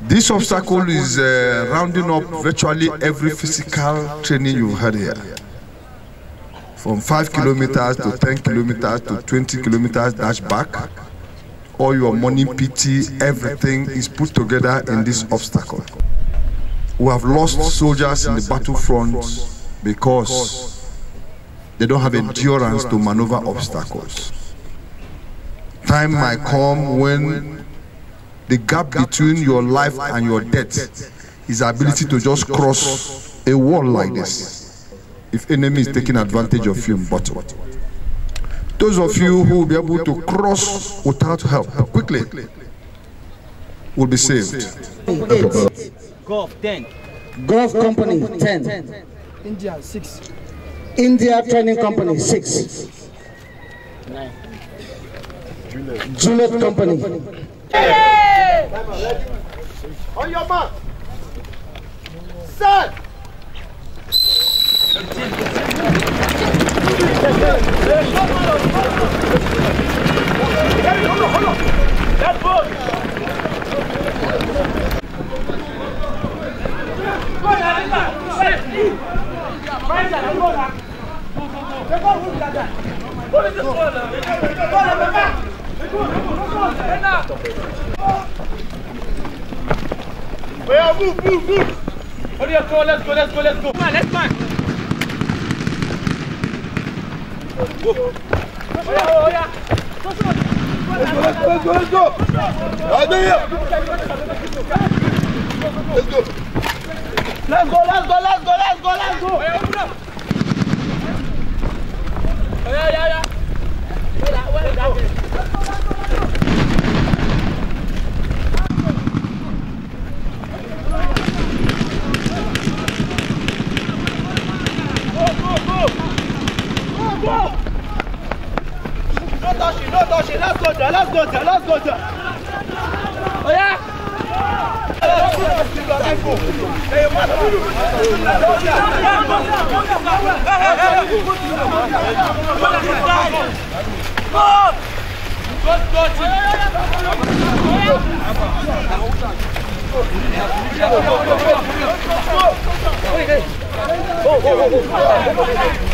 This obstacle is uh, rounding up virtually every physical training you've had here. From 5 kilometers to 10 kilometers to 20 kilometers dash back, all your morning PT, everything is put together in this obstacle. We have lost soldiers in the battlefront because they don't have endurance to maneuver obstacles. Time might come when the gap between your life and your death is ability to just cross a wall like this if enemy is taking advantage of you in battle. Those of you who will be able to cross without help quickly will be saved. Eight. Golf 10. Golf Company 10. India 6. India Training Company 6. 9. Juliet Company On your mark. Set. That ball. Go, go, go. Go, go, go. Go, go, go. Regarde, move, move, move go, let's go, let's go go go la lan koca lan koca lan